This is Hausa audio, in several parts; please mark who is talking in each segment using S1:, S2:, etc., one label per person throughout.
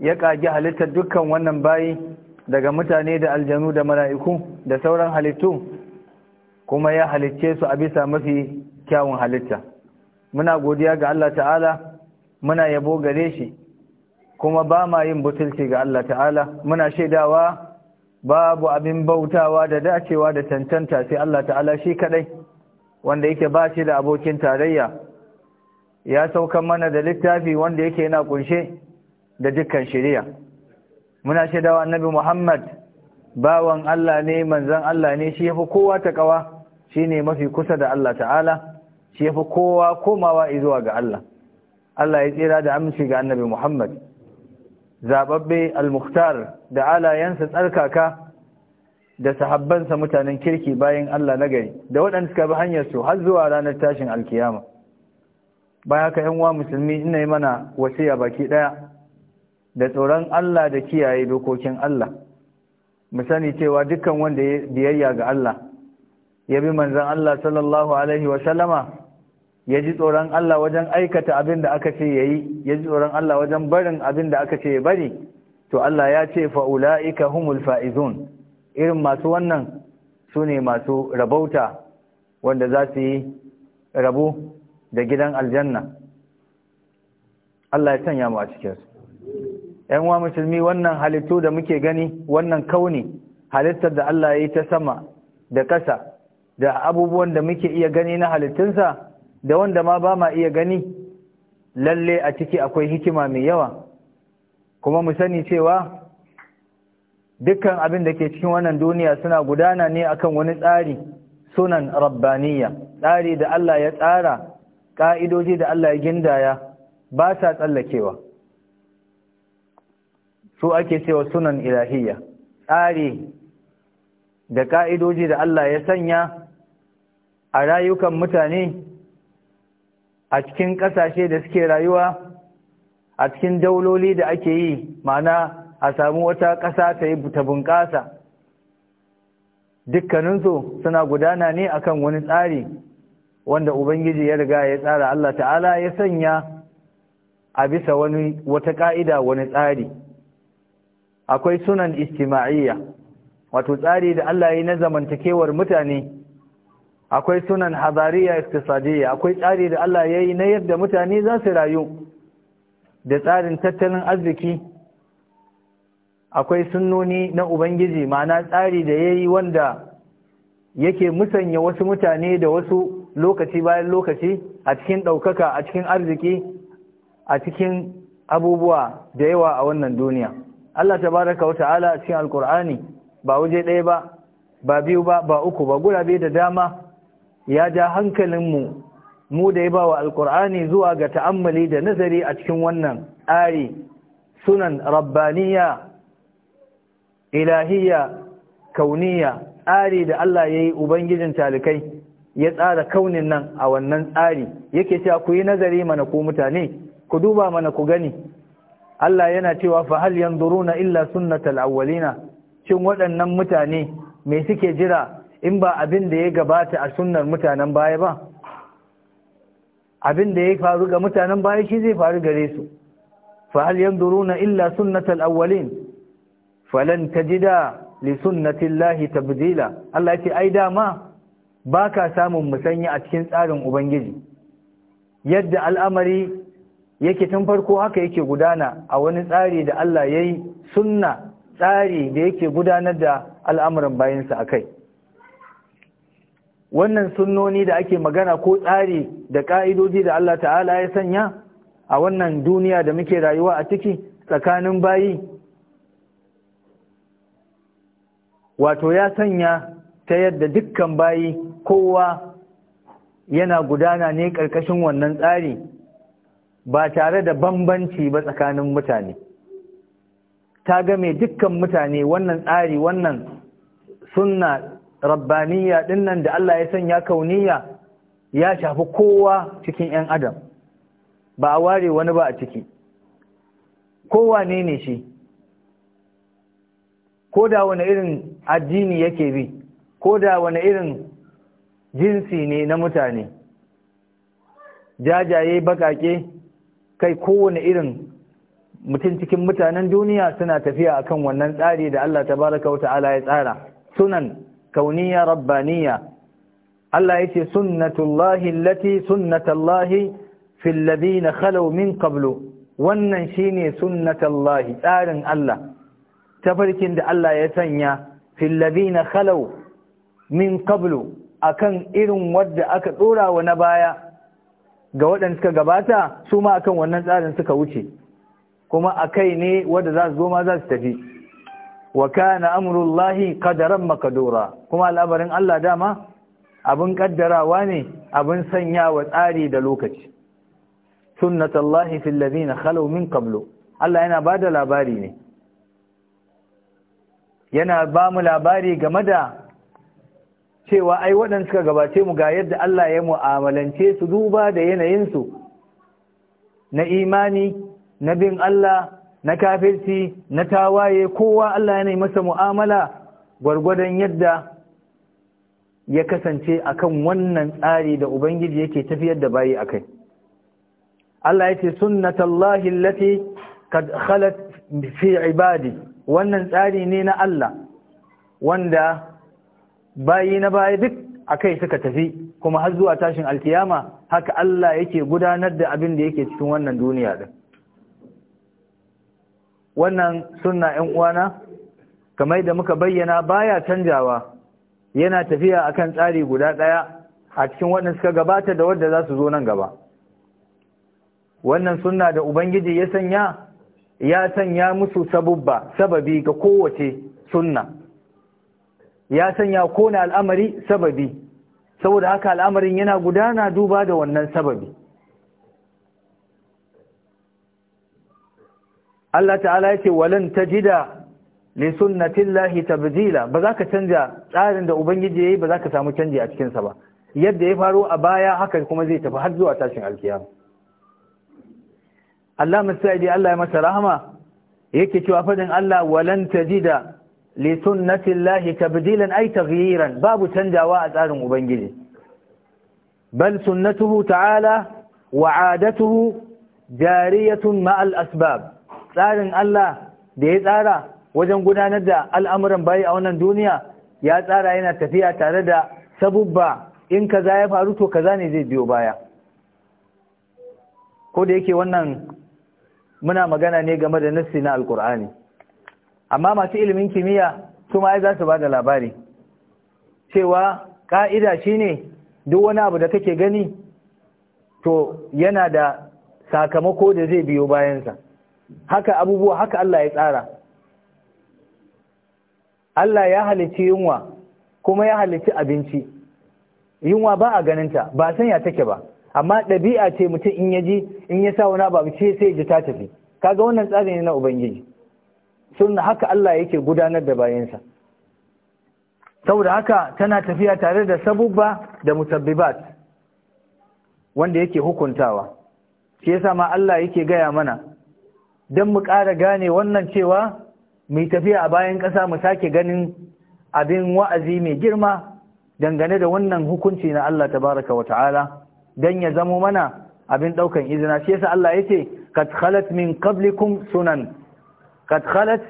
S1: ya kagi halittar dukkan wannan bayi daga mutane da aljanu da mala'iku da sauran halittu kuma ya halicce su a bisa mafi kyawun halitta muna godiya ga Allah ta'ala muna yabo gare shi kuma ba ma yin butulci ga Allah ta'ala muna shaidawa babu abin bautawa da dacewa da tantanta sai Allah ta'ala shi kaɗai wanda yake ba shi da abokin tarayya ya sauka mana da littafi wanda yake yana kunshe da dukkan shari'a muna shaidawa annabi Muhammad bawan Allah ne manzon Allah ne shi yafi kowa takawa shine mafi kusa da Allah ta'ala shi yafi kowa komawa zuwa ga Allah Allah ya tsira da aminci ga annabi Muhammad zababbe al-mukhtar da alayansa tsarkaka da sahabbansa mutanen kirki bayan Allah na gari da waɗanda suka bi hanyar su har zuwa ranar tashin alkiyama bayan haka yan wa musulmi ina yi mana wasiya baki ɗaya. da tsoron Allah da kiyaye dokokin Allah mu sani cewa dukkan wanda ya biyayya ga Allah ya bi manzon Allah sallallahu alaihi wa sallama ya ji tsoron Allah wajen aikata abin da aka ce yayi ya ji tsoron Allah wajen barin abin da aka ce ya bari to Allah ya ce fa ulaika humul faizun irin masu wannan su ne masu rabauta wanda za su yi rabo da gidan aljanna Allah ya sanya mu a cikinsu yan wa musulmi wannan halittu da muke gani wannan kauni halittar da Allah ya yi ta sama da ƙasa da abubuwan da muke iya gani na halittunsa da wanda ma ba ma iya gani lalle a ciki akwai hikima mai yawa kuma mu sani cewa dukkan abin da ke cikin wannan duniya suna gudana ne akan wani tsari sunan rabbaniya tsari da Allah ya tsara ƙa'idoji da Allah ya gindaya ba sa tsallakewa su ake cewa sunan ilahiyya tsari da ka'idoji da Allah ya sanya a rayukan mutane a cikin ƙasashe da suke rayuwa a cikin dauloli da ake yi ma'ana a samu wata ƙasa ta yi ta bunƙasa dukkaninsu suna gudana ne akan wani tsari wanda ubangiji ya riga ya tsara Allah ta'ala ya sanya a bisa wata ƙa'ida wani tsari akwai sunan istimaiyya, wato tsari da Allah ya na zamantakewar mutane akwai sunan hadariya iktisadiyya akwai tsari da Allah ya yi na yadda mutane za su rayu da tsarin tattalin arziki akwai sunnoni na ubangiji ma'ana tsari da ya yi wanda yake musanya wasu mutane da wasu lokaci bayan lokaci a cikin ɗaukaka a cikin arziki a cikin abubuwa da yawa a wannan duniya Allah ta tabaraka wa ta'ala a cikin alkur'ani ba waje ɗaya ba ba biyu ba ba uku ba gurabe da dama ya ja hankalinmu mu da ya ba wa alkur'ani zuwa ga ta'ammali da nazari a cikin wannan ari sunan rabbaniya ilahiya kauniya tsari da Allah ya yi ubangijin talikai ya tsara kaunin nan a wannan tsari yake cewa ku yi nazari mana ku mutane ku duba mana ku gani Allah yana cewa fa hal yanzuruna illa sunnatal awwalina cin waɗannan mutane me suke jira in ba abin da ya gabata a sunnar mutanen baya ba abin da ya faru ga mutanen baya shi zai faru gare su fa hal yanzuruna illa sunnatal awwalin falan tajida li sunnatillahi tabdila Allah ya ce ai dama baka samun musanya a cikin tsarin ubangiji yadda al'amari yake tun farko haka yake gudana a wani tsari da Allah ya yi sunna tsari da yake gudanar da al'amuran bayansa a kai wannan sunnoni da ake magana ko tsari da ƙa'idoji da Allah ta'ala ya sanya a wannan duniya da muke rayuwa a ciki tsakanin bayi wato ya sanya ta yadda dukkan bayi kowa yana gudana ne ƙarƙashin wannan tsari ba tare da bambanci ba tsakanin mutane ta game dukkan mutane wannan tsari wannan sunna rabbaniya dinnan da Allah ya sanya kauniya ya shafi kowa cikin 'yan adam ba a ware wani ba a ciki kowa ne ne shi ko da wani irin addini yake bi ko da wani irin jinsi ne na mutane jajaye bakake kai kowane irin mutum cikin mutanen duniya suna tafiya akan wannan tsari da Allah tabaraka wa ta'ala ya tsara sunan kauniya rabbaniya Allah yace sunnatullahi allati sunnatullahi fil ladina min qablu wannan shine sunnatullahi tsarin Allah tafarkin da Allah ya sanya fil ladina khalaw min qablu akan irin wanda aka dora wa na baya ga waɗanda suka gabata su ma akan wannan tsarin suka wuce kuma akai ne wanda za su zo ma za su tafi wa kana amrullahi qadaran makadura kuma al'amarin Allah dama abin kaddarawa ne abin sanya wa tsari da lokaci sunnatullahi fil ladina khalu min qablu Allah yana bada labari ne yana ba mu labari game da cewa ai waɗanda suka gabace mu ga yadda Allah ya mu'amalance su duba da yanayinsu na imani na bin Allah na kafirci na tawaye kowa Allah ya nemi masa mu'amala gwargwadon yadda ya kasance akan wannan tsari da Ubangiji yake tafiyar da bayi a kai. Allah ya ce sunnatallahi lati kad khalat fi ibadi wannan tsari ne na Allah wanda bayi na baya duk a kai suka tafi kuma har zuwa tashin alkiyama haka Allah yake gudanar da abin da yake cikin wannan duniya din wannan sunna 'yan uwana kamar da muka bayyana baya canjawa yana tafiya a kan tsari guda ɗaya a cikin wannan suka gabata da wadda za su zo nan gaba wannan sunna da ubangiji ya sanya ya sanya musu sabubba sababi ga kowace sunna ya sanya kone al'amari sababi saboda haka al'amarin yana gudana duba da wannan sababi Allah ta'ala ya ce walan tajida li sunnatillahi tabdila ba za ka canja tsarin da ubangiji yayi ba za ka samu canji a cikin sa ba yadda ya faro a baya haka kuma zai tafi har zuwa tashin alkiyama Allah musaidi Allah ya masa rahama yake cewa fadin Allah walan tajida li sunnatillahi tabdilan ay taghyiran babu canzawa a tsarin ubangiji bal sunnatuhu ta'ala wa 'adatuhu jariyatun ma al asbab tsarin Allah da ya tsara wajen gudanar da al'amuran bayi a wannan duniya ya tsara yana tafiya tare da sabuba in kaza ya faru to kaza ne zai biyo baya ko yake wannan muna magana ne game da nassi na alkur'ani amma masu ilimin kimiyya su ma za su ba da labari cewa ƙa'ida ne duk wani abu da kake gani to yana da sakamako da zai biyo bayansa haka abubuwa haka Allah ya tsara Allah ya halici yunwa kuma ya halici abinci yunwa ba a ganinta ba san ya take ba amma ɗabi'a ce mutum in ya ji in ya sa wani abu ce sai ji ta tafi kaga wannan tsari ne na ubangiji sun haka Allah yake gudanar da bayansa saboda haka tana tafiya tare da sabubba da musabbibat wanda yake hukuntawa shi yasa ma Allah yake gaya mana don mu ƙara gane wannan cewa mai tafiya a bayan ƙasa mu sake ganin abin wa'azi mai girma dangane da wannan hukunci na Allah tabaraka wa ta'ala don ya zamo mana abin ɗaukan izina shi yasa Allah ya ce khalat min qablikum sunan kad khalat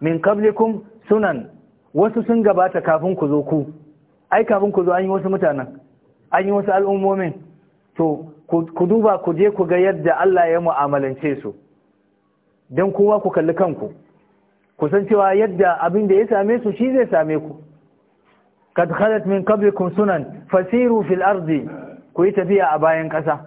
S1: min qablikum sunan wasu sun gabata kafin ku zo ku ai kafin ku zo an yi wasu mutanen an yi wasu al'ummomin to ku duba ku je ku ga yadda Allah ya mu'amalance su don kowa ku kalli kanku ku san cewa yadda abin da ya same su shi zai same ku kad khalat min qablikum sunan fasiru fil ardi ku yi tafiya a bayan kasa.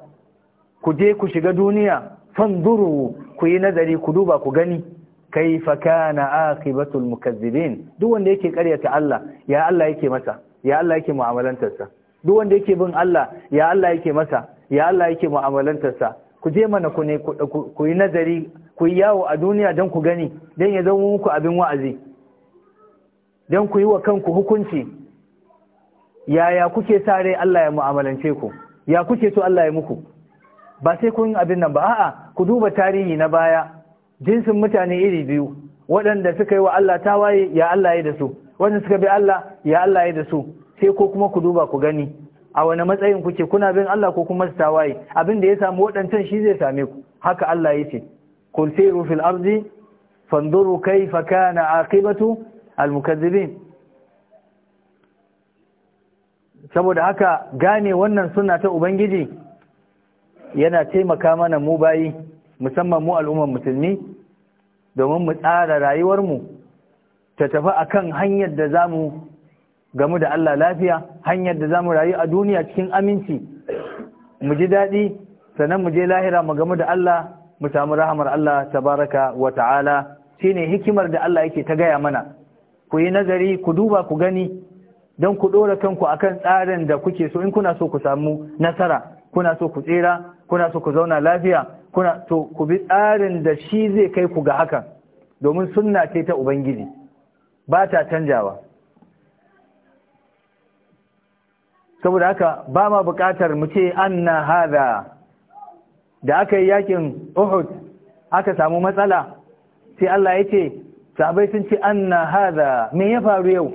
S1: ku je ku shiga duniya fanduru ku yi nazari ku duba ku gani kaifa kana akibatul mukazzibin duk wanda yake karyata Allah ya Allah yake masa ya Allah yake mu'amalantarsa duk wanda yake bin Allah ya Allah yake masa ya Allah yake mu'amalantarsa ku je mana ku ne ku yi nazari ku yi yawo a duniya don ku gani don ya zama muku abin wa'azi don ku yi wa kanku hukunci yaya kuke sa rai Allah ya mu'amalance ku ya kuke so Allah ya muku ba sai kun abin nan ba a'a ku duba tarihi na baya jinsin mutane iri biyu waɗanda suka yi wa Allah tawaye ya Allah ya da su wanda suka bi Allah ya Allah ya da su sai ko kuma ku duba ku gani a wani matsayin kuke kuna bin Allah ko kuma su waye? abin da ya samu waɗancan shi zai same ku haka Allah ya ce kul siru fil ardi fanduru kayfa kana aqibatu al mukazzibin saboda haka gane wannan suna ta ubangiji yana taimaka mana mu bayi musamman mu al'ummar musulmi domin mu tsara rayuwarmu ta tafi akan hanyar da za mu gamu da Allah lafiya hanyar da za mu rayu a duniya cikin aminci mu ji daɗi sannan mu je lahira mu gamu da Allah mu samu rahmar Allah tabaraka wa ta'ala shine hikimar da Allah yake ta gaya mana ku yi nazari ku duba ku gani don ku ɗora kanku akan tsarin da kuke so in kuna so ku samu nasara kuna so ku tsira kuna so ku zauna lafiya kuna to ku bi tsarin da shi zai kai ku ga hakan domin sunna ce ta ubangiji ba ta canjawa saboda haka ba ma buƙatar mu ce anna hada da aka yi yakin Uhud aka samu matsala sai Allah ya ce sabai sun ce anna hada me ya faru yau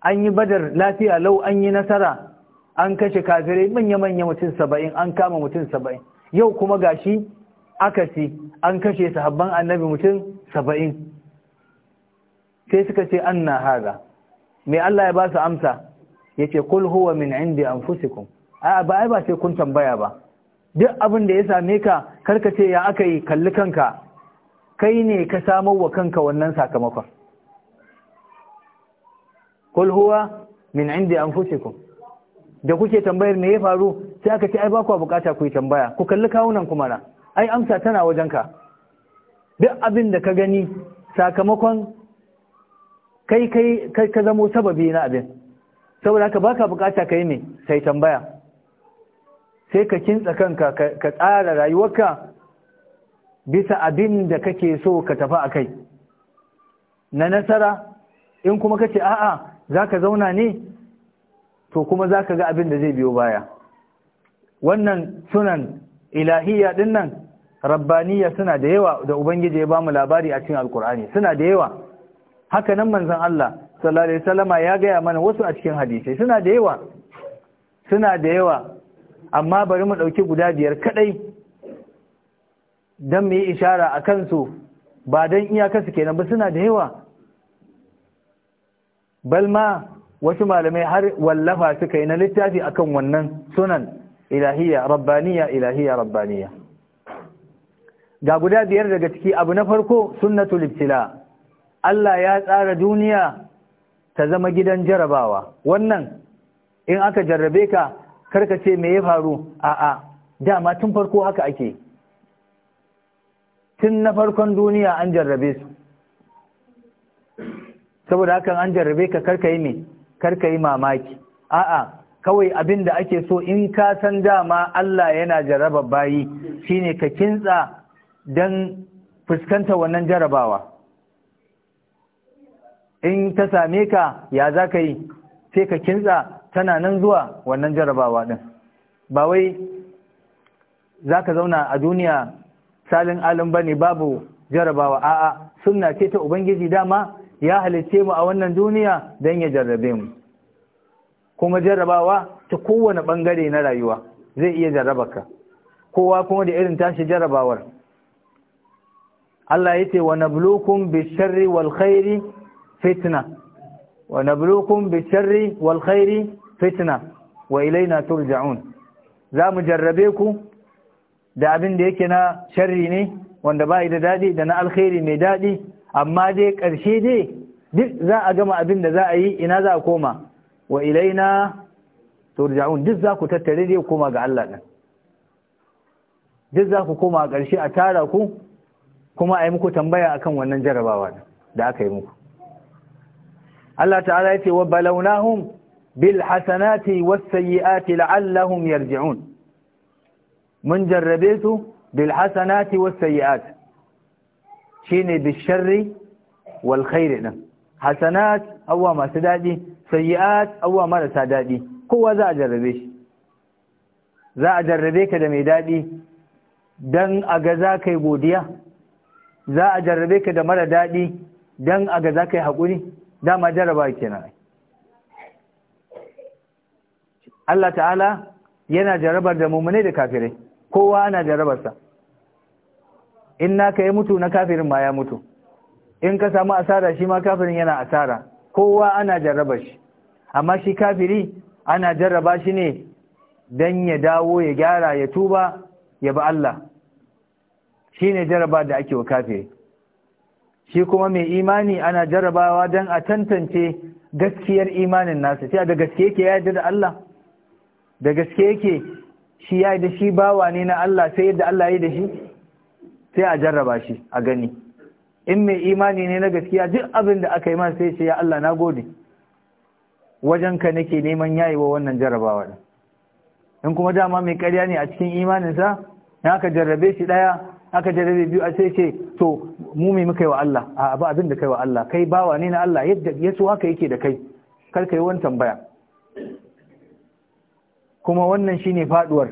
S1: an yi badar lafiya lau an yi nasara an kashe kafirai manya-manya mutum saba'in an kama mutum saba'in yau kuma gashi akasi an kashe sahabban annabi mutum saba'in sai suka ce an na haza mai Allah ya ba su amsa ya ce kul huwa min indi an fusikun ba ai ba sai kun tambaya ba duk abin da ya same ka karka ce ya aka yi kalli kanka kai ne ka samar wa kanka wannan sakamakon kul huwa min indi an da kuke tambayar me ya faru sai aka ce ai ba ku bukata ku yi tambaya ku kalli kawunan ku mana ai amsa tana wajen ka. duk abin da ka gani sakamakon kai kai ka zamo sababi na abin saboda ka baka bukata kai me sai tambaya sai ka kintsa kanka ka tsara rayuwarka bisa abin da kake so ka tafi akai na nasara in kuma kace a'a zaka zauna ne to kuma za ka ga abin da zai biyo baya wannan sunan ilahiyya ɗin nan rabbaniya suna da yawa da ubangiji ya ba mu labari a cikin alkur'ani suna da yawa haka nan manzon Allah sallallahu salama ya gaya mana wasu a cikin Hadisai. suna da yawa suna da yawa amma bari mu ɗauki guda biyar kaɗai don mu yi ishara a kansu ba don iyaka su kenan ba suna da yawa balma wasu malamai har wallafa suka yi na littafi akan wannan sunan "Ilahiyya, rabbaniya Ilahiyya, rabbaniya ga guda biyar daga ciki abu na farko sunnatul ibtila Allah ya tsara duniya ta zama gidan jarabawa wannan in aka jarrabe ka karka ce me ya faru a'a dama tun farko haka ake tun na farkon duniya an jarrabe su saboda hakan an jarrabe ka karka yi me kar ka yi mamaki a'a kawai abin da ake so in ka san dama Allah yana jaraba bayi shine ka kintsa don fuskanta wannan jarabawa in ta same ka ya za ka yi sai ka kintsa tana nan zuwa wannan jarabawa ɗin ba wai za ka zauna a duniya salin alin ba ne babu jarabawa a'a sunna ce ta ubangiji dama ya halitte mu a wannan duniya don ya jarrabe mu kuma jarrabawa ta kowane bangare na rayuwa zai iya jarraba ka kowa kuma da irin tashi jarrabawar Allah ya wa nabluukum bulukun sharri wal-khairi fitna wa nabluukum bish-sharri wal fitna wa ilaina turja'un za mu jarrabe ku da abin da yake na sharri ne wanda ba da daɗi da na alkhairi mai daɗi amma dai ƙarshe dai duk za a gama abin da za a yi ina za a koma wa ilaina turja'un duk za ku tattare dai koma ga Allah ɗin duk za ku koma ƙarshe a tara ku kuma a yi muku tambaya akan wannan jarabawa da aka yi muku Allah ta'ala ya ce wa balawnahum bil hasanati was sayyiati la'allahum yarji'un mun jarrabe su bil hasanati was sayyiati Shi ne bisharri walkhairi ɗin din hasanat awwa masu dadi sayiat awwa marasa daɗi kowa za a jarrabe shi za a jarrabe ka da mai daɗi don a ga za yi godiya za a jarrabe ka da mara daɗi don a ga za yi hakuri dama jarraba kenan Allah ta'ala yana jarrabar da mummune da kafirai kowa ana jarrabarsa. in naka ya mutu na kafirin ma ya mutu in ka samu asara shi ma kafirin yana asara kowa ana jarraba shi amma shi kafiri ana jarraba shi ne don ya dawo ya gyara ya tuba ya ba Allah shi ne jarraba da ake wa kafiri shi kuma mai imani ana jarrabawa don a tantance gaskiyar imanin nasa sai da gaske yake ya da Allah da gaske yake shi ya yi da shi bawa ne na Allah sai yadda Allah ya yi da shi sai a jarraba shi a gani in mai imani ne na gaskiya duk abin da aka yi masa sai ce ya Allah na gode wajenka nake neman yayiwa wannan jarrabawa da in kuma dama mai karya ne a cikin imaninsa na aka jarrabe shi ɗaya aka jarrabe biyu a sai ce to mu mai muka yi wa Allah a abu abin da kai wa Allah kai bawa ne na Allah yadda ya so haka yake da kai kar ka yi wani tambaya kuma wannan shine faduwar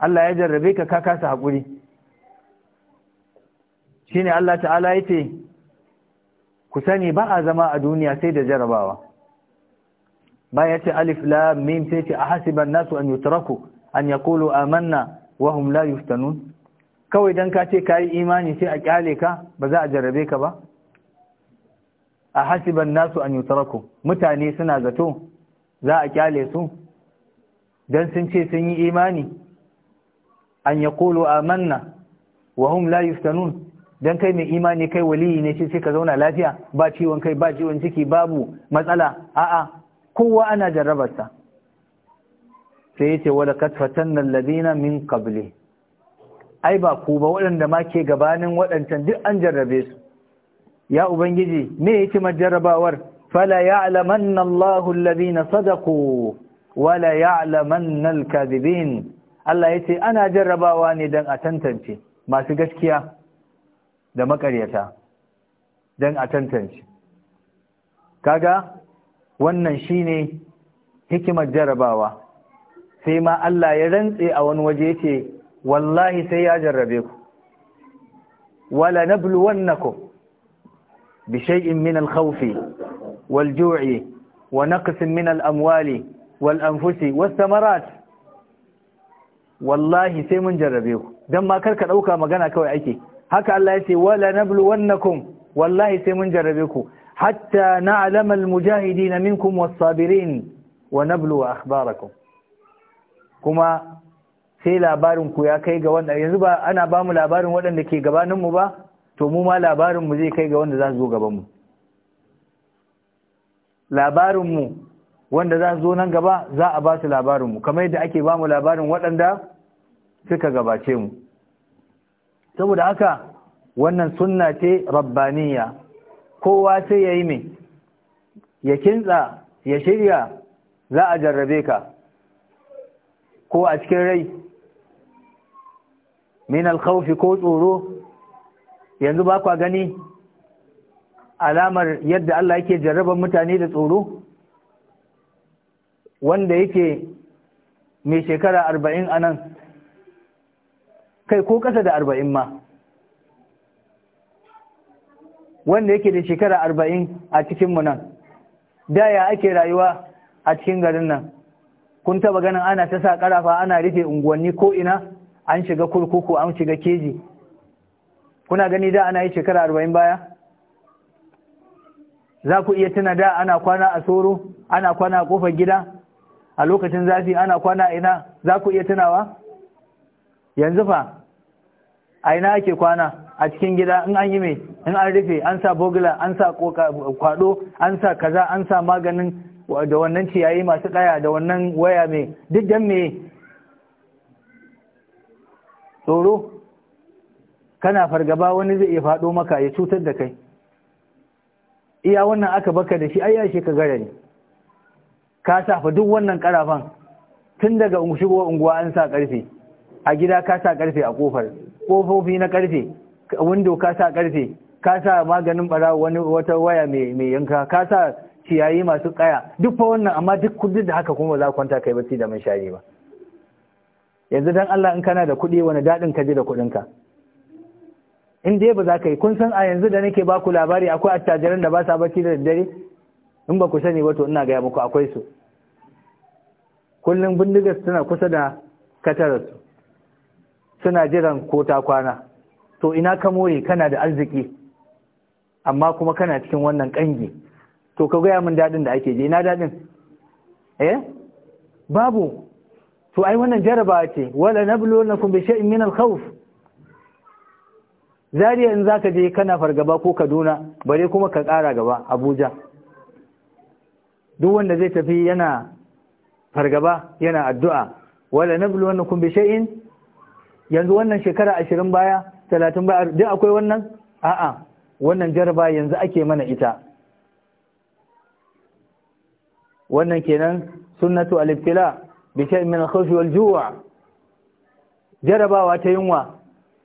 S1: Allah ya jarrabe ka ka kasa haƙuri ne Allah ta'ala ya ce ku sani ba a zama a duniya sai da jarabawa ya ce alif la mim sai ce ahasiban nasu an yutaraku an yaqulu amanna wa humla la yuftanun kawai don ka ce ka yi imani sai a kyale ka ba za a jarabe ka ba A ahasiban nasu an yutaraku mutane suna zato za a kyale su don sun ce sun yi imani an yaqulu amanna wa humla la yuftanun dan kai mai imani kai waliyi ne sai ka zauna lafiya ba ciwon kai ba ciwon ciki babu matsala a'a kowa ana jarrabarsa sai yace wala kad fatanna alladhina min qabli ai ba ku ba waɗanda ma ke gabanin waɗancan duk an jarrabe su ya ubangiji me yake majarrabawar fala ya'lamanna Allahu alladhina sadaqu wala ya'lamanna al Allah yace ana jarrabawa ne dan a tantance masu gaskiya da makaryata don a tantance kaga wannan shine hikimar jarabawa sai ma Allah ya rantse a wani waje yace wallahi sai ya jarrabe ku wala nabluwannakum bi shay'in min al-khawf wal-ju'i wa naqsin min al-amwali wal-anfusi was-samarat wallahi sai mun jarrabe ku dan ma karka dauka magana kawai ake haka Allah ya ce wala wannakum wallahi sai mun jarrabe ku hatta na'lama almujahidin minkum was-sabirin wa nablu akhbarakum kuma sai labarin ku ya kai ga wanda yanzu ba ana ba mu labarin waɗanda ke gabanin mu ba to mu ma labarin mu zai kai ga wanda za su zo gaban mu labarin mu wanda za su zo nan gaba za a ba su labarin mu kamar yadda ake ba mu labarin waɗanda suka gabace mu saboda haka wannan sunna ce rabbaniya kowa sai yayi me ya kintsa ya shirya za a jarrabe ka ko a cikin rai min alkhawfi ko tsoro yanzu ba kwa gani alamar yadda Allah yake jarraba mutane da tsoro wanda yake mai shekara arba'in anan kai ko ƙasa da arba'in ma wanda yake da shekara arba'in a cikinmu nan da ya ake rayuwa a cikin garin nan kun taba ganin ana ta sa ƙarafa ana rufe unguwanni ko ina an shiga kurkuku an shiga keji kuna gani da ana yi shekara arba'in baya za ku iya tuna da ana kwana a soro ana kwana a kofar gida a lokacin zafi ana kwana ina za ku iya tunawa yanzu fa a ina ake kwana a cikin gida in an yi mai in an rufe an sa bogula an sa kwado an sa kaza an sa maganin da wannan ciyayi masu kaya da wannan waya mai duk dan mai tsoro kana fargaba wani zai iya faɗo maka ya cutar da kai iya wannan aka baka da shi ayya shi ka gare ne ka safa duk wannan karafan tun daga shigo unguwa an sa karfe a gida ka sa karfe a kofar kofofi na karfe window ka sa karfe ka sa maganin bara wani wata waya mai yanka ka sa ciyayi masu kaya duk fa wannan amma duk kudin da haka kuma za kwanta kai bacci da mai shayi ba yanzu dan Allah in kana da kuɗi wani daɗin ka ji da kuɗin ka in dai ba za ka yi kun san a yanzu da nake baku labari akwai attajiran da ba sa bacci da daddare in ba ku sani ba to ina gaya muku akwai su kullum bindigar suna kusa da katararsu suna jiran ko ta kwana to ina ka more kana da arziki amma kuma kana cikin wannan kangi to ka gaya min daɗin da ake je ina daɗin eh babu to ai wannan jaraba ce wala nabluwannakum bi shay'in min al-khawf zariya in zaka je kana fargaba ko Kaduna bare kuma ka ƙara gaba Abuja duk wanda zai tafi yana fargaba yana addu'a wala nabluwannakum bi shay'in yanzu wannan shekara ashirin baya talatin baya duk akwai wannan a'a wannan jaraba yanzu ake mana ita wannan kenan sunnatu al-ibtila bi shay'in min al khawf wal ju'a jarabawa ta yunwa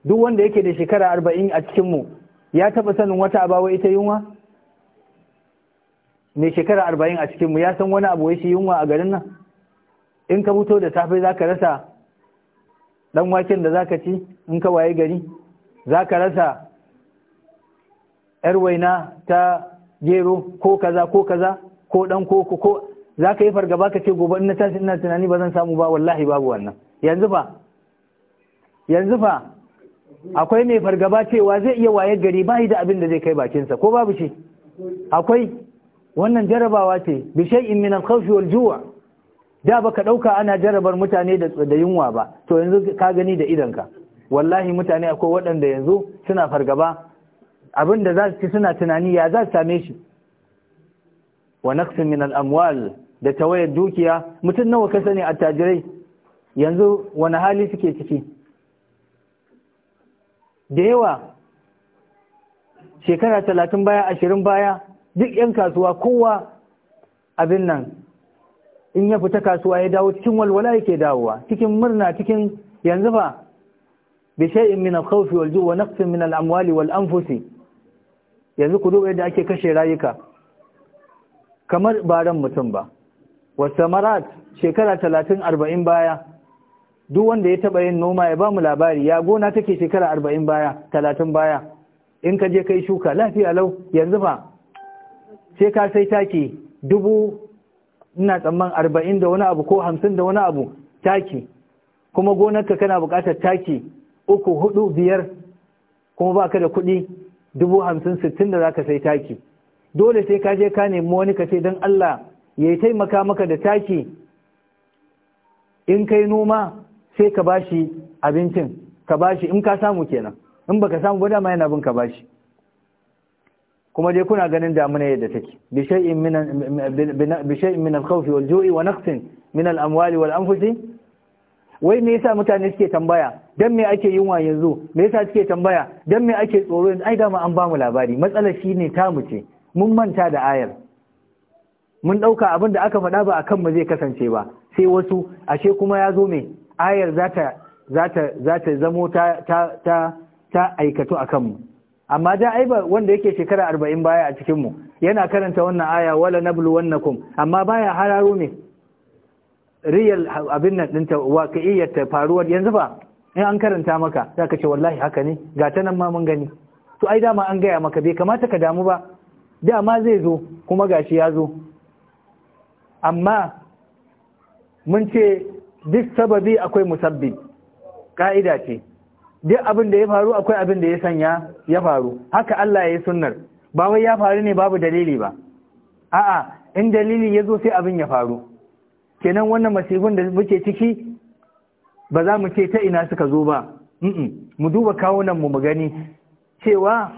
S1: duk wanda yake da shekara arba'in a cikinmu ya taɓa sanin wata abawa ita yunwa mai shekara arba'in a cikinmu ya san wani abu shi yunwa a garin nan in ka fito da safe za ka rasa ɗan waken da zaka ci in ka waye gari zaka rasa ‘yar waina ta gero ko kaza ko kaza ko ɗan koko ko za ka yi fargaba ka ce gobe in na tashi ina tunani ba zan samu ba wallahi babu wannan yanzu fa yanzu fa akwai mai fargaba cewa zai iya waye gari ba da abin da zai kai bakinsa ko babu shi akwai wannan jarabawa ce bi shay'in min al-khawfi wal jua da baka ɗauka ana jarabar mutane da yunwa ba to yanzu ka gani da idanka wallahi mutane akwai waɗanda yanzu suna fargaba abin da za su ci suna tunani ya za su same shi wa naqsin min al-amwal da tawayar dukiya mutum nawa ka sani attajirai yanzu wani hali suke ciki da yawa shekara talatin baya ashirin baya duk 'yan kasuwa kowa abin nan in ya fita kasuwa ya dawo cikin walwala yake dawowa cikin murna cikin yanzu fa bi shay'in min al-khawf wal ju' wa naqsin min al-amwali wal anfusi yanzu ku duba yadda ake kashe rayuka kamar baran mutum ba samarat shekara 30 40 baya duk wanda ya taba yin noma ya ba mu labari ya gona take shekara 40 baya 30 baya in ka je kai shuka lafiya lau yanzu fa sai ka sai taki dubu ina tsamman arba'in da wani abu ko hamsin da wani abu taki kuma gonarka kana buƙatar taki uku hudu biyar kuma ba ka da kuɗi dubu hamsin sittin da za ka sai taki dole sai ka je ka nemi wani ka ce don Allah ya yi taimaka maka da taki in kai noma sai ka bashi abincin ka bashi in ka samu kenan in baka samu ba dama yana bin ka bashi kuma dai kuna ganin damuna yadda take bi shay'in min al-khawfi wal-ju'i wa naqsin min al-amwali wal-anfusi wai me yasa mutane suke tambaya dan me ake yunwa yanzu me yasa suke tambaya dan me ake tsoro yanzu ai dama an ba mu labari matsalar shine mu ce mun manta da ayar mun dauka abin da aka faɗa ba akan mu zai kasance ba sai wasu ashe kuma ya zo me ayar za ta za ta za ta zamo ta ta ta aikatu akan mu amma da ai ba wanda yake shekara arba'in baya a cikinmu yana karanta wannan aya wala nablu wannakum amma baya hararo ne riyal abin nan ɗinta waƙi'iyyar faruwar yanzu ba in an karanta maka za ka ce wallahi haka ne ga ta nan ma mun gani to ai dama an gaya maka bai kamata ka damu ba dama zai zo kuma gashi ya zo amma mun ce duk sababi akwai musabbi ka'ida ce duk abin da ya faru akwai abin da ya sanya ya faru haka Allah ya yi sunnar ba wai ya faru ne babu dalili ba a'a in dalili ya zo sai abin ya faru kenan wannan masifin da muke ciki ba za mu ce ta ina suka zo ba mu duba kawunan mu mu gani cewa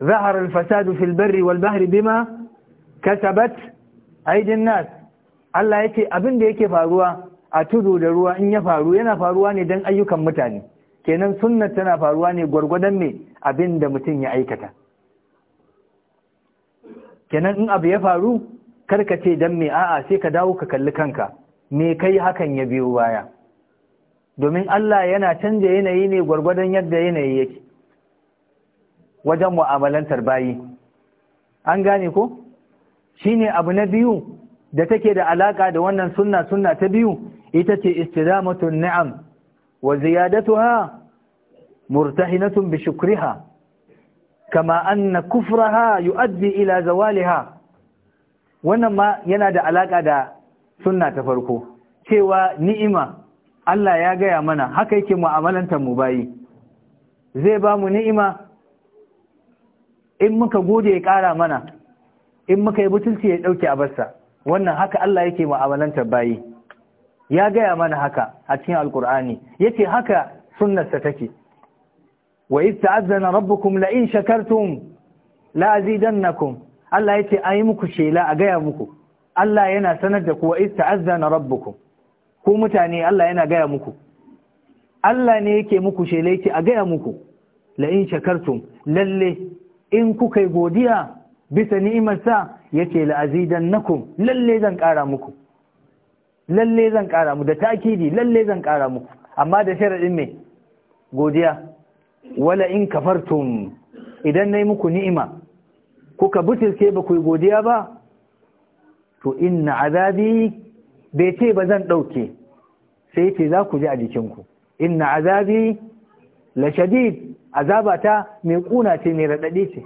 S1: zahar al-fasadu al barri wal bahri bima kasabat aydin nas Allah yake abin da yake faruwa a tudu da ruwa in ya faru yana faruwa ne dan ayyukan mutane kenan sunnar tana faruwa ne gwargwadon me abin da mutum ya aikata kenan in abu ya faru karka ce dan me a'a sai ka dawo ka kalli kanka me kai hakan ya biyo baya domin Allah yana canja yanayi ne gwargwadon yadda yanayi yake wajen mu'amalantar bayi an gane ko Shi ne abu na biyu da take da alaƙa da wannan sunna sunna ta biyu ita ce istidamatun na'am. bishukriha. وزيادتها مرتهنة بشكرها كما أن كفرها Wannan ma yana da ينادى da sunna ta farko. cewa ni'ima Allah ya gaya mana haka yake mu'amalanta mu bayi zai ba mu ni'ima in muka gode ya ƙara mana in muka yi butulci ya ɗauke a barsa wannan haka Allah yake mu'amalantar bayi ya gaya mana haka a cikin alkur'ani yace haka sunnarsa take wa iz ta'azzana rabbukum la'in in shakartum la azidannakum Allah yace ayi muku shela a gaya muku Allah yana sanar da ku wa iz ta'azzana rabbukum ku mutane Allah yana gaya muku Allah ne yake muku shela yace a gaya muku La'in in shakartum lalle in kuka yi godiya bisa ni'imarsa yace la azidannakum lalle zan kara muku lalle zan ƙara mu da takidi lalle zan ƙara mu amma da sharaɗin me godiya wala in kafartum idan nayi muku ni'ima kuka butulke ba ku godiya ba to inna azabi bai ce ba zan ɗauke sai ce za ku ji a jikinku inna azabi la shadid azabata mai ƙuna ce mai raɗaɗi ce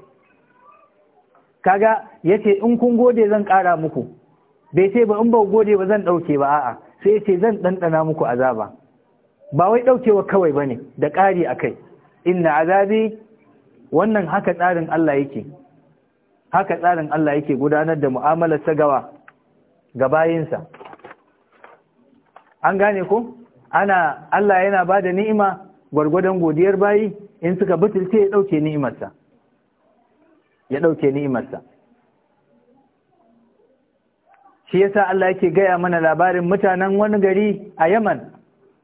S1: kaga yace in kun gode zan ƙara muku bai ce ba in ba gode ba zan ɗauke ba a'a sai ya ce zan ɗanɗana muku azaba ba wai ɗaukewa kawai ba ne da ƙari a kai inna azabi wannan haka tsarin Allah yake haka tsarin Allah yake gudanar da mu'amalar gawa ga bayinsa an gane ko ana Allah yana ba da ni'ima gwargwadon godiyar bayi in suka butulce ya ɗauke ni'imarsa ya ɗauke ni'imarsa shi yasa Allah yake gaya mana labarin mutanen wani gari a Yaman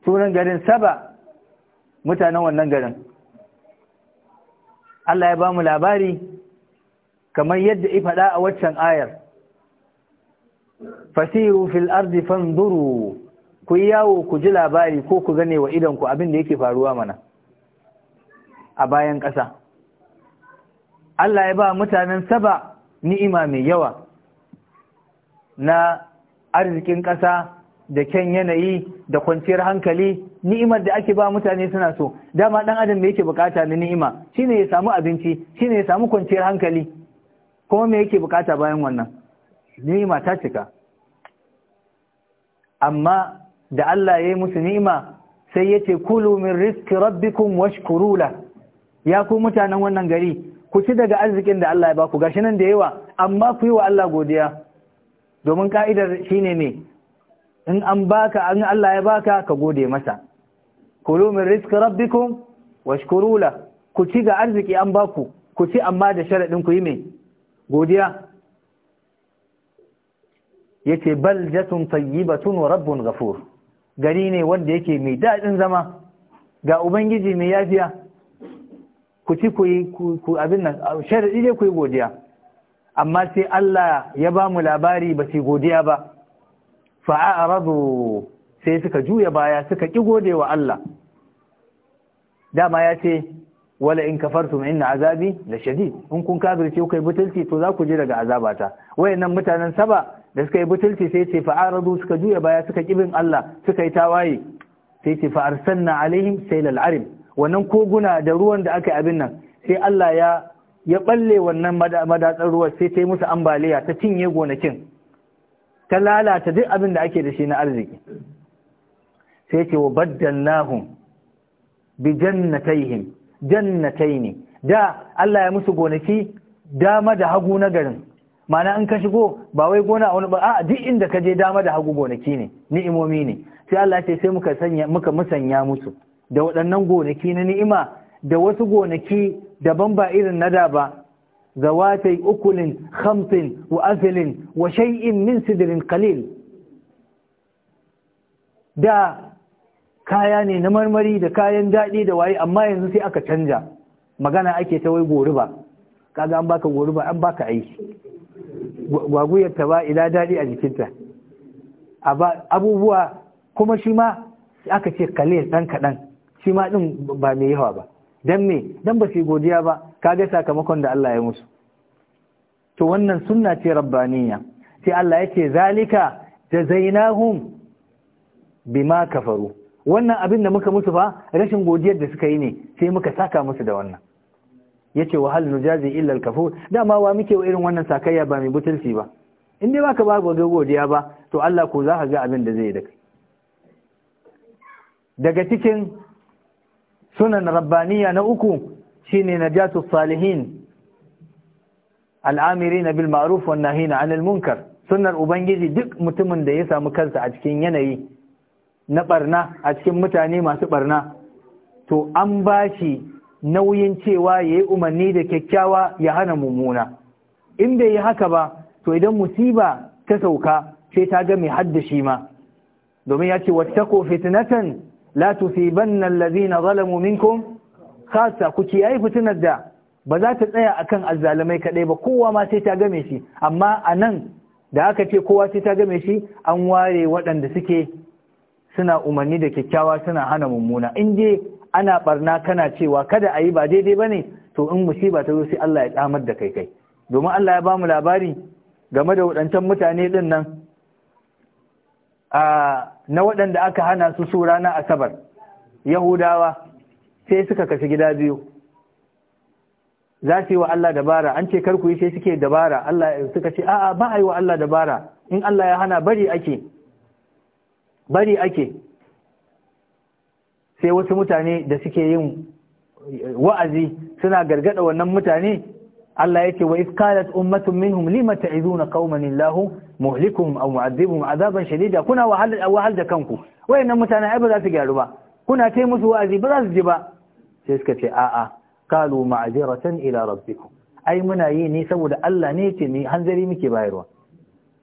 S1: sunan garin Saba mutanen wannan garin Allah ya ba mu labari kamar yadda i faɗa a waccan ayar fasiru fil ardi fanzuru ku yawo ku ji labari ko ku gane wa idan ku abin da yake faruwa mana a bayan ƙasa Allah ya ba mutanen Saba ni'ima mai yawa na arzikin ƙasa da kyan yanayi da kwanciyar hankali ni'imar da ake ba mutane suna so dama ɗan adam da yake bukata na ni'ima shine ya samu abinci shine ya samu kwanciyar hankali kuma me yake bukata bayan wannan ni'ima ta cika amma da Allah ya yi musu ni'ima sai ya ce kulu min rizki rabbikum washkuru la ya ku mutanen wannan gari ku ci daga arzikin da Allah ya baku gashi nan da yawa amma ku yi wa Allah godiya domin ka'idar shine ne in an baka an Allah ya baka ka gode masa kulu min rizqi rabbikum washkuru la ku ci ga arziki an baku ku ci amma da sharadin ku yi me godiya yace baljatun tayyibatun wa rabbun ghafur gari ne wanda yake mai dadin zama ga ubangiji mai yafiya ku ci ku yi ku abin nan sharadi ne ku yi godiya amma sai Allah ya ba mu labari ba su godiya ba Fa'a a razu sai suka juya baya suka ƙi gode wa Allah dama ya ce wala in kafartum inna azabi da shadi in kun kafirce kuka yi butulci to za ku ji daga azabata wayannan mutanen saba da suka yi butulci sai ce razu suka juya baya suka ƙi bin Allah suka yi tawaye sai ce fa'arsanna alaihim sai lal'arim wannan koguna da ruwan da aka yi abin nan sai Allah ya ya ɓalle wannan madatsar ruwa sai ta yi musu ambaliya ta cinye gonakin ta lalata duk abin da ake da shi na arziki sai ce wa nahun bi jannatayhim jannatayni da Allah ya musu gonaki dama da hagu na garin mana an ka shigo ba wai gona a wani ba a duk inda ka je dama da hagu gonaki ne ni'imomi ne sai Allah ya ce sai muka sanya muka musanya musu da waɗannan gonaki na ni'ima da wasu gonaki daban ba irin na da ba zawatai ukulin khamsin wa asilin wa shay'in min sidrin qalil da kaya ne na marmari da kayan daɗi da waye amma yanzu sai aka canja magana ake ta wai goruba kaga an baka goruba an baka aiki gwaguyar ta ba ila daɗi a jikinta abubuwa kuma shi ma aka ce kalil ɗan kaɗan shi ma ɗin ba mai yawa ba dan me dan ba su godiya ba ka kaga sakamakon da Allah ya musu to wannan sunna ce rabbaniya sai Allah yake zalika da jazainahum bima kafaru wannan abin da muka musu fa rashin godiyar da suka yi ne sai muka saka musu da wannan yace wa hal nujazi illa al kafur dama wa muke wa irin wannan sakayya ba mai butulci ba in dai baka ba goge godiya ba to Allah ko za ka ga abin da zai yi daga cikin sunan rabbaniya na uku shine najatu salihin al'amirina bil ma'ruf wan nahina 'anil munkar Sunan ubangiji duk mutumin da ya samu kansa a cikin yanayi na barna a cikin mutane masu barna to an bashi nauyin cewa yayi umarni da kyakkyawa ya hana mummuna in bai yi haka ba to idan musiba ta sauka sai ta ga mai haddashi ma domin ya ce wattako fitnatan la tusibanna alladhina zalamu minkum khassa ku kiyaye fitinar da ba za ta tsaya akan azzalumai kadai ba kowa ma sai ta game shi amma anan da aka ce kowa sai ta game shi an ware waɗanda suke suna umarni da kyakkyawa suna hana mummuna in je ana barna kana cewa kada a yi ba daidai ba ne to in musiba ta zo sai Allah ya tsamar da kai kai domin Allah ya ba mu labari game da waɗancan mutane ɗin nan na waɗanda aka hana su su ranar asabar yahudawa sai suka kashi gida biyu za su yi wa Allah dabara an ce karku yi sai suke dabara Allah suka ce a'a ba a yi wa Allah dabara in Allah ya hana bari ake bari ake sai wasu mutane da suke yin wa'azi suna gargada wannan mutane Allah yake wa iskalat ummatun minhum lima ta'izuna qauman illahu muhlikuhum aw mu'adhibuhum azaban shadida kuna wahal da kanku wayannan mutane ai ba za su gyaru ba kuna kai musu wa'azi ba za su ji ba sai suka ce a'a qalu ma'ziratan ila rabbikum ai muna yi ne saboda Allah ne yake ni hanzari muke bayarwa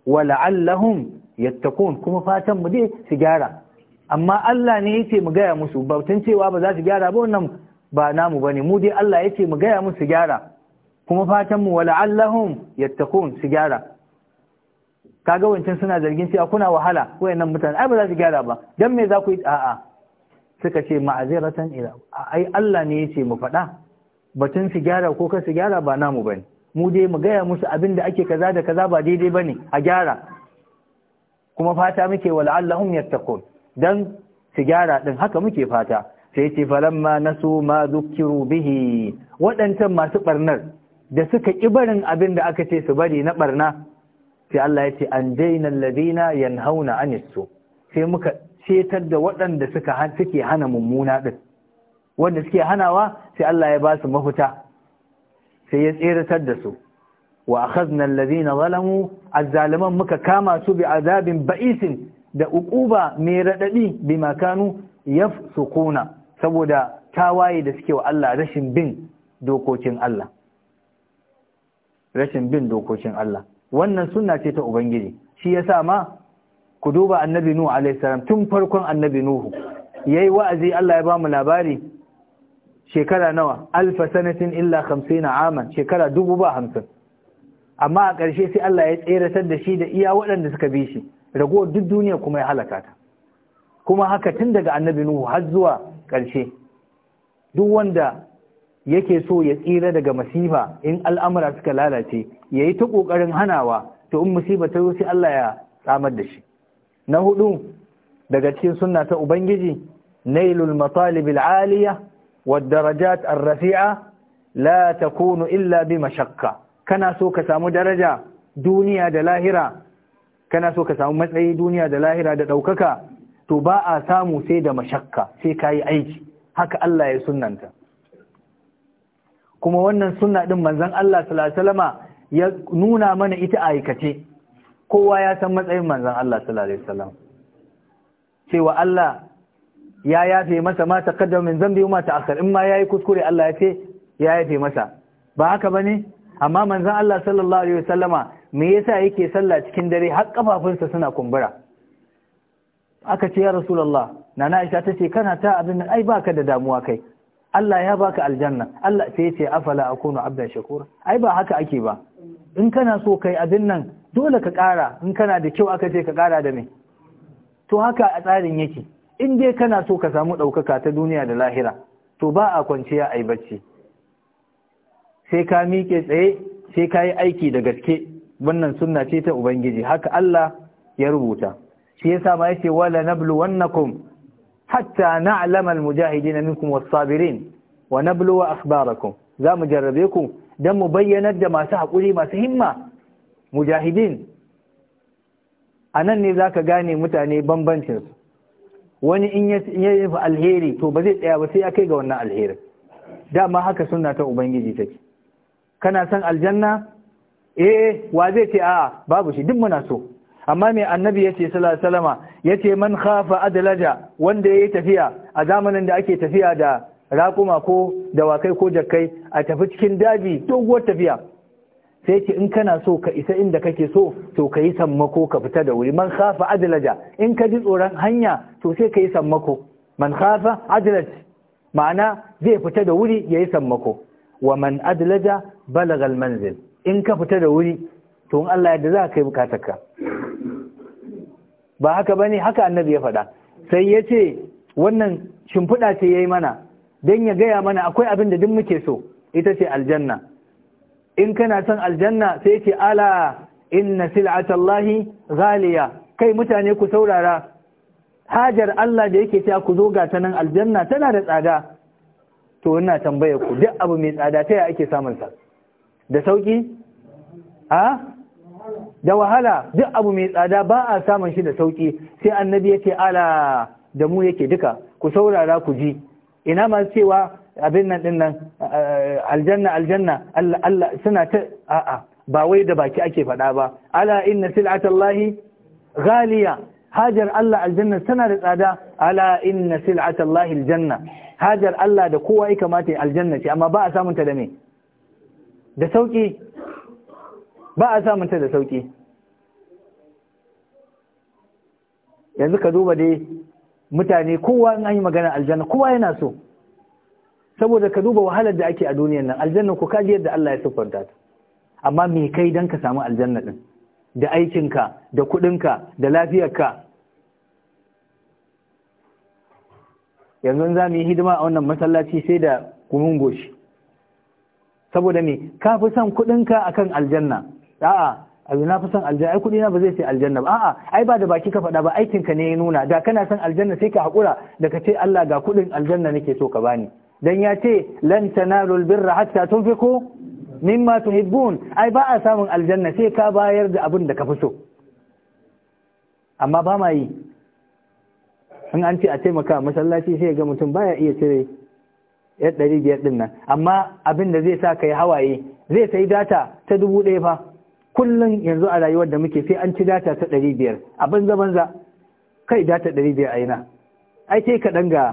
S1: wa la'allahum yattaqun kuma fatan mu dai su gyara amma Allah ne yake mu gaya musu bautun cewa ba za su gyara ba wannan ba namu bane mu dai Allah yake mu gaya musu gyara kuma fatan mu wala'allahum yattaqun su gyara kaga wancan suna zargin cewa kuna wahala wayannan mutane ai ba za su gyara ba dan me za ku yi a'a suka ce ma'aziratan ila ai Allah ne yace mu faɗa batun su gyara ko ka su ba namu bane mu dai mu gaya musu abin da ake kaza da kaza ba daidai bane a gyara kuma fata muke wala'allahum yattaqun dan sigara gyara din haka muke fata sai ce falamma nasu ma zukkiru bihi waɗancan masu barnar da suka barin abin da aka ce su bari na barna. sai Allah ya ce an jaina ladina yanhauna anisu sai muka cetar da waɗanda suka suke hana mummuna ɗin. wanda suke hanawa sai Allah ya ba su mafuta sai ya tseratar da su wa akhadna alladhina zalamu azzaliman muka kama su bi azabin ba'isin da uquba mai radadi bima su yafsukuna saboda tawaye da suke wa Allah rashin bin dokokin Allah rashin bin dokokin Allah wannan sunna ce ta ubangiji shi yasa ma ku duba annabi nuhu alaihi salam tun farkon annabi nuhu yayi wa'azi Allah ya ba mu labari shekara nawa alfa sanatin illa 50 aman shekara dubu ba hamsin amma a ƙarshe sai Allah ya tseratar da shi da iya waɗanda suka bi shi ragowar duk duniya kuma ya halaka ta kuma haka tun daga annabi nuhu har zuwa ƙarshe duk wanda yake so ya tsira daga masifa in al'amura suka lalace ya yi ta ƙoƙarin hanawa to in musiba ta sai Allah ya tsamar da shi na hudu daga cikin sunna ta ubangiji nailul matalib al'aliya wa darajat ar-rafi'a la takunu illa bi mashakka kana so ka samu daraja duniya da lahira kana so ka samu matsayi duniya da lahira da ɗaukaka to ba a samu sai da mashakka sai ka yi aiki haka Allah ya sunanta kuma wannan sunna ɗin manzan Allah sallallahu ya nuna mana ita aikace kowa ya san matsayin manzan Allah sallallahu alaihi cewa Allah ya yafe masa ma taqaddama min zambi ma ta'akhkhar in ma yi kuskure Allah ya ce ya yafe masa ba haka ne amma manzan Allah sallallahu alaihi wasallama me yasa yake sallah cikin dare har kafafunsa suna kumbura aka ce ya rasulullah nana Aisha tace kana ta abin ai baka da damuwa kai Allah ya baka aljanna Allah sai ce afala akunu abdan shakura ai ba haka ake ba in kana so kai azin nan dole ka kara. in kana da kyau aka ce ka kara da me to haka a tsarin yake in dai kana so ka samu ɗaukaka ta duniya da lahira to ba a kwanciya ai bacci sai ka miƙe tsaye sai ka yi aiki da gaske wannan sunna ce ta ubangiji haka Allah ya rubuta shi yasa ma yace wala nabluwannakum hatta na'lama al-mujahidin minkum was-sabirin wa nabluwa akhbarakum za mu jarrabe ku dan mu bayyanar da masu hakuri masu himma mujahidin A nan ne zaka gane mutane bambancin su wani in ya yi alheri to ba zai tsaya ba sai ya kai ga wannan alherin dama haka suna ta ubangiji take kana son aljanna eh wa zai ce a'a babu shi duk muna so amma mai annabi ya ce salama ya ce man khafa adalaja wanda ya yi tafiya a zamanin da ake tafiya da raƙuma ko dawakai ko jakkai a tafi cikin daji doguwar tafiya sai ce in kana so ka isa inda kake so to ka yi sammako ka fita da wuri man khafa adalaja in ka ji tsoron hanya to sai ka yi sammako man khafa adalaj ma'ana zai fita da wuri ya yi sammako wa man adalaja balagal manzil in ka fita da wuri to in Allah yadda za ka kai bukatarka ba haka bane haka annabi ya faɗa sai ya ce wannan shimfiɗa ce ya yi mana don ya gaya mana akwai abin da duk muke so ita ce aljanna in kana son aljanna sai ce ala inna sil'atallahi ghaliya kai mutane ku saurara hajar Allah da yake cewa ku zo ga ta nan aljanna tana da tsada to ina tambaye ku duk abu mai tsada ta ya ake samun sa da sauki a da wahala duk abu mai tsada ba a samun shi da sauki sai annabi yake ala da mu yake duka ku saurara ku ji ina ma cewa abin nan din nan eh, aljanna aljanna Allah Allah suna ta a'a ba wai da baki ake faɗa ba ala inna sil'atallahi ghaliya hajar Allah aljanna tana da tsada ala inna sil'atallahi aljanna hajar Allah da kowa ya kamata aljanna ce amma ba a samun ta da me da sauki ba a samunta da sauƙi yanzu ka duba dai mutane kowa in an yi magana aljanna kowa yana so saboda ka duba wahalar da ake a duniyar nan aljanna ku kaji yadda Allah ya siffanta ta amma me kai dan ka samu aljanna din da aikinka da kuɗinka da lafiyarka yanzu za mu yi hidima a wannan masallaci sai da gumin goshi saboda me ka fi son kuɗinka akan aljanna a'a abu na fi son aljanna ai kudi na ba zai sai aljanna ba a'a ai ba da baki ka faɗa ba aikin ka ne ya nuna da kana son aljanna sai ka haƙura da ka ce Allah ga kudin aljanna nake so ka bani dan ya ce lan tanalul birra hatta tunfiqu mimma tuhibbun ai ba a samun aljanna sai ka bayar da abin da ka fi so amma ba ma yi in an ce a taimaka masallaci sai ga mutum baya iya cire yar ɗari biyar ɗin nan amma abin da zai sa ka yi hawaye zai sayi data ta dubu ɗaya fa kullum yanzu a rayuwar da muke sai an ci data ta ɗari biyar a banza banza kai data ɗari biyar a yana ai kai kaɗan ga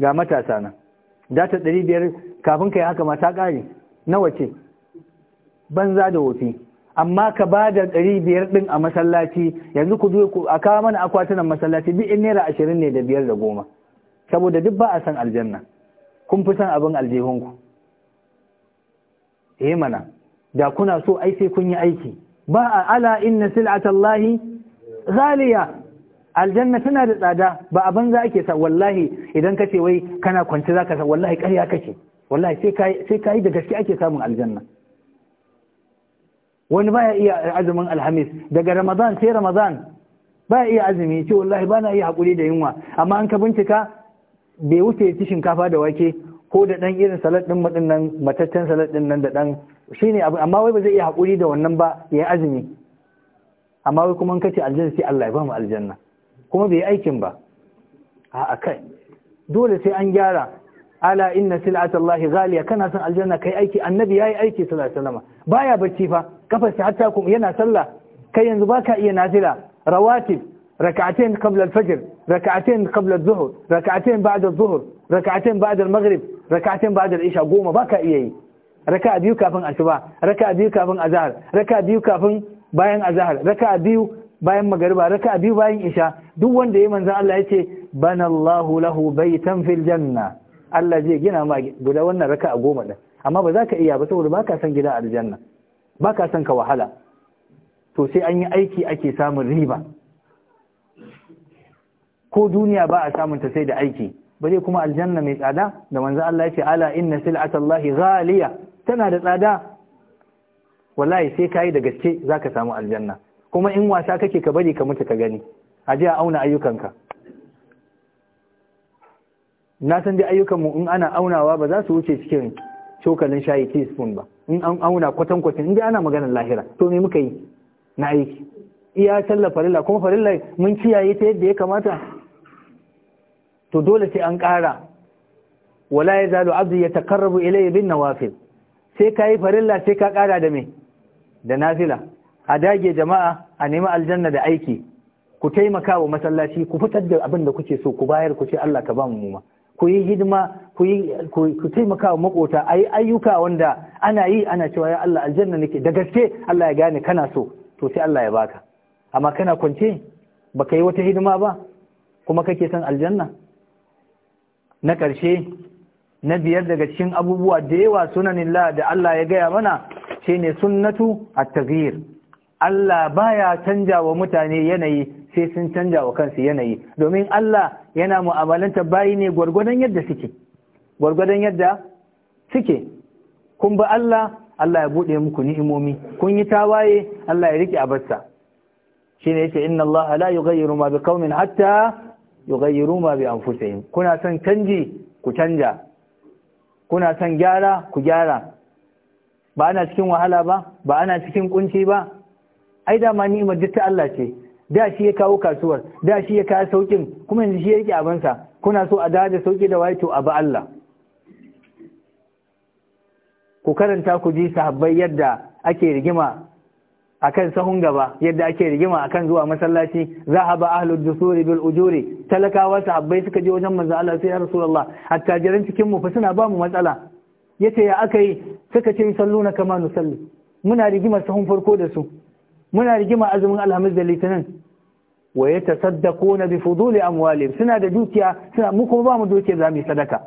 S1: ga matasa na. data ɗari biyar kafin kai haka ma ta ƙare nawa ce banza da wofi amma ka ba da ɗari biyar ɗin a masallaci yanzu ku ku a kawo mana akwatunan masallaci bi in naira ashirin ne da biyar da goma saboda duk ba a san aljanna kun fi san abin aljihunku eh mana da kuna so ai sai kun yi aiki ba a ala inna sil'atallahi ghaliya aljanna tana da tsada ba a za ake sa wallahi idan kace wai kana kwanci zaka sa wallahi ƙarya kake wallahi sai kai sai kai da gaske ake samun aljanna wani baya iya azumin alhamis daga ramadan sai ramadan baya iya azumi ce wallahi bana iya hakuri da yunwa amma an ka bincika bai wuce ci shinkafa da wake ko da ɗan irin salad ɗin maɗin nan mataccen salad ɗin nan da dan shine abu amma wai ba zai iya haƙuri da wannan ba ya yi azumi amma wai kuma in kace aljanna sai Allah ya ba mu aljanna kuma bai yi aikin ba a kai dole sai an gyara ala inna sil'ata Allah ghaliya kana son aljanna kai aiki annabi yayi aiki sallallahu alaihi wasallam baya bacci fa kafarsa hatta kuma yana sallah kai yanzu baka iya nafila rawatib ركعتين قبل الفجر ركعتين قبل الظهر ركعتين بعد الظهر da magrib rakatun ba da isha goma ba ka iya yi raka biyu kafin asuba raka biyu kafin azhar raka biyu kafin bayan azhar raka biyu bayan magariba raka biyu bayan isha duk wanda ya manzan Allah yace banallahu lahu baitan fil janna Allah zai gina ma guda wannan raka a goma din amma ba za ka iya ba saboda baka san gida aljanna baka san ka wahala to sai an yi aiki ake samun riba ko duniya ba a samunta sai da aiki bare kuma aljanna mai tsada da manzo Allah ya ala inna sil'atallahi ghaliya tana da tsada wallahi sai kai da gaske zaka samu aljanna kuma in wasa kake ka bari ka mutu ka gani a je a auna ayyukanka na san dai ayyukanmu in ana aunawa ba za su wuce cikin cokalin shayi teaspoon ba in an auna kwatan in dai ana maganar lahira to me muka yi na aiki iya tallafa farilla kuma farilla mun kiyaye ta yadda ya kamata to dole sai an ƙara wala ya zalo abdu ya takarrabu ilayya bin nawafil sai ka yi farilla sai ka ƙara da me da nafila a dage jama'a a nemi aljanna da aiki ku taimaka wa masallaci ku fitar da abin da kuke so ku bayar ku ce Allah ka ba mu ku yi hidima ku yi ku taimaka wa makota a ayyuka wanda ana yi ana cewa ya Allah aljanna nake da gaske Allah ya gane kana so to sai Allah ya baka amma kana kwance baka yi wata hidima ba kuma kake son aljanna na ƙarshe na biyar daga cikin abubuwa da yawa la da Allah ya gaya mana shi ne sunnatu a tagir Allah baya canja wa mutane yanayi sai sun canja wa kansu yanayi domin Allah yana mu'amalanta bayi ne gwargwadon yadda suke gwargwadon yadda suke kun ba Allah Allah ya buɗe muku ni'imomi kun yi tawaye Allah ya riƙe rike Shi ne yace inna Allah la yughayyiru ma biqaumin hatta yughayyiru ma bi anfusihim kuna son canji ku canja kuna son gyara ku gyara ba ana cikin wahala ba ba ana cikin kunci ba ai da ma ni'imar duk ta Allah ce da shi ya kawo kasuwar da shi ya kawo saukin kuma yanzu shi ya abin abansa kuna so a da sauki da waye to abu Allah ku karanta ku ji sahabbai yadda ake rigima akan sahun gaba yadda ake rigima akan zuwa masallaci za a ba ahlul dusuri bil ujuri talakawa sahabbai suka je wajen manzo Allah sai ya rasulullah attajiran cikin mu fa suna ba mu matsala yace ya aka yi suka ce salluna kama nusalli muna rigima sahun farko da su muna rigima azumin alhamis da litinin wa yatasaddaquna bi fuduli amwalihim suna da dukiya suna mu kuma ba mu dukiya za mu yi sadaka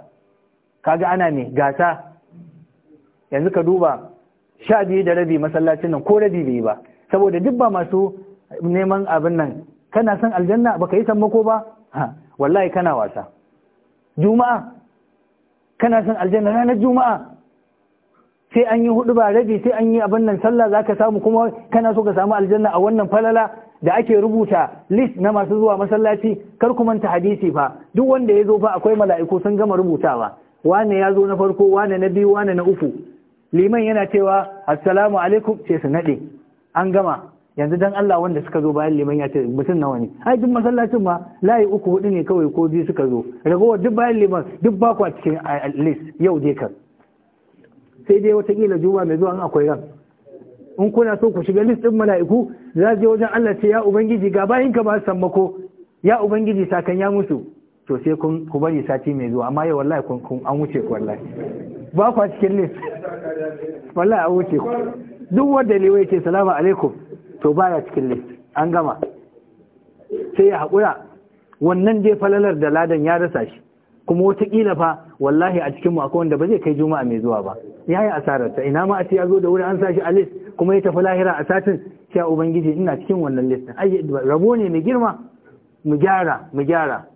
S1: kaga ana me gasa yanzu ka duba sha biyu da rabi masallacin nan ko rabi bai ba saboda duk ba masu neman abin nan kana son aljanna baka yi sammako ba Ha, wallahi kana wasa juma'a kana son aljanna ranar juma'a sai an yi hudu ba rabi sai an yi abin nan sallah zaka samu kuma kana so ka samu aljanna a wannan falala da ake rubuta list na masu zuwa masallaci kar ku manta hadisi fa duk wanda ya zo fa akwai mala'iku sun gama rubutawa wane ya zo na farko wane na biyu wane na uku liman yana cewa assalamu alaikum sai su nade an gama yanzu dan Allah wanda suka zo bayan liman ya ce mutum nawa ne ai duk masallacin ma layi uku hudu ne kawai ko biyu suka zo ragowar duk bayan liman duk ba ku a cikin list yau dai kan sai dai wata kila juma mai zuwa an akwai ran in kuna so ku shiga list din mala'iku za je wajen Allah ce ya ubangiji ga bayin ka ba sammako ya ubangiji sakan ya musu to sai kun ku bari sati mai zuwa amma yau wallahi kun an wuce ku wallahi ba kwa cikin list wallahi a wuce ku duk wanda wai ce salamu alaikum to baya cikin list an gama sai ya haƙura wannan dai falalar da ladan ya rasa shi kuma wataƙila fa wallahi a cikinmu akwai wanda ba zai kai juma'a mai zuwa ba ya yi asarar ta. ina ma a ce ya zo da wuri an sa shi a list kuma ya tafi lahira a satin sha ubangiji ina cikin wannan list ai rabo ne mai girma mu gyara mu gyara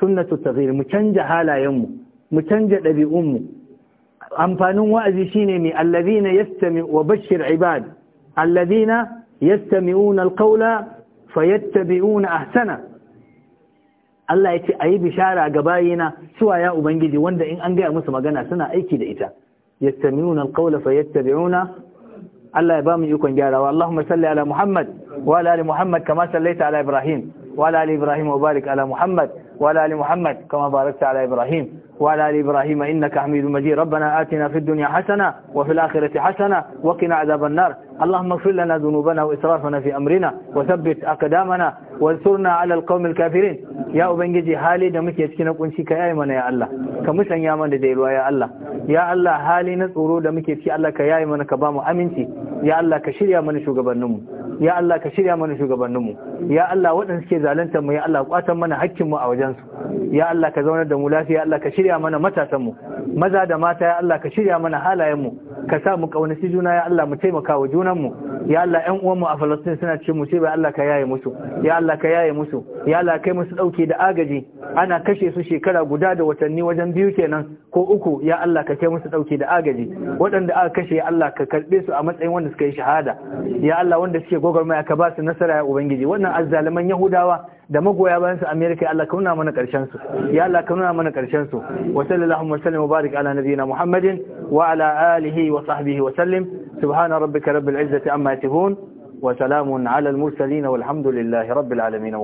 S1: sunnatu taghyir mu canja halayenmu mu canja ɗabi'unmu amfanin wa'azi shine mai allazina yastami wa bashir ibad allazina yastami'una alqawla fayattabi'una ahsana Allah ya ce a yi bishara ga bayina suwa ya ubangiji wanda in an gaya musu magana suna aiki da ita yastami'una alqawla fayattabi'una Allah ya bamu ikon gyarawa Allahumma salli ala Muhammad wa ala ali Muhammad kama sallaita ala Ibrahim wa ala ali Ibrahim wa barik ala Muhammad wa ala ali Muhammad kama barakta ala Ibrahim وعلى آل إبراهيم إنك حميد مجيد ربنا آتنا في الدنيا حسنة وفي الآخرة حسنة وقنا عذاب النار اللهم اغفر لنا ذنوبنا وإسرافنا في أمرنا وثبت أقدامنا وانصرنا على القوم الكافرين يا أبنجي حالي دمك يسكن قنشي كيائمنا يا الله كمسن يا من ديلوا يا الله يا الله حالي نصورو دمك يسكن الله كيائمنا كبامو أمنتي يا الله كشير يا من شو قبرنمو ya Allah ka shirya mana shugabanninmu ya Allah waɗanda suke zalunta mu ya Allah kwatan mana hakkinmu a wajensu ya Allah ka zaunar da mu lafiya ya Allah ka shirya mana matasanmu maza da mata ya Allah ka shirya mana halayenmu ka sa mu kaunaci juna ya Allah mu taimaka wa junan mu ya Allah ƴan uwan mu a Falastin suna cikin musiba ba Allah ka yaye musu ya Allah ka yaye musu ya Allah kai musu dauke da agaji ana kashe su shekara guda da watanni wajen biyu kenan ko uku ya Allah ka kai musu dauke da agaji waɗanda aka kashe ya Allah ka karbe su a matsayin wanda suka yi shahada ya Allah wanda suke gwagwarmaya ka ba su nasara ya ubangiji wannan azzaliman Yahudawa da magoya bayan su America Allah ka nuna mana karshen su ya Allah ka nuna mana karshen su wa sallallahu wa sallam wa ala nabiyyina Muhammadin wa ala alihi wa sahbihi wa sallim subhana rabbika rabbil izzati amma yasifun wa salamun ala al mursalin walhamdulillahi rabbil alamin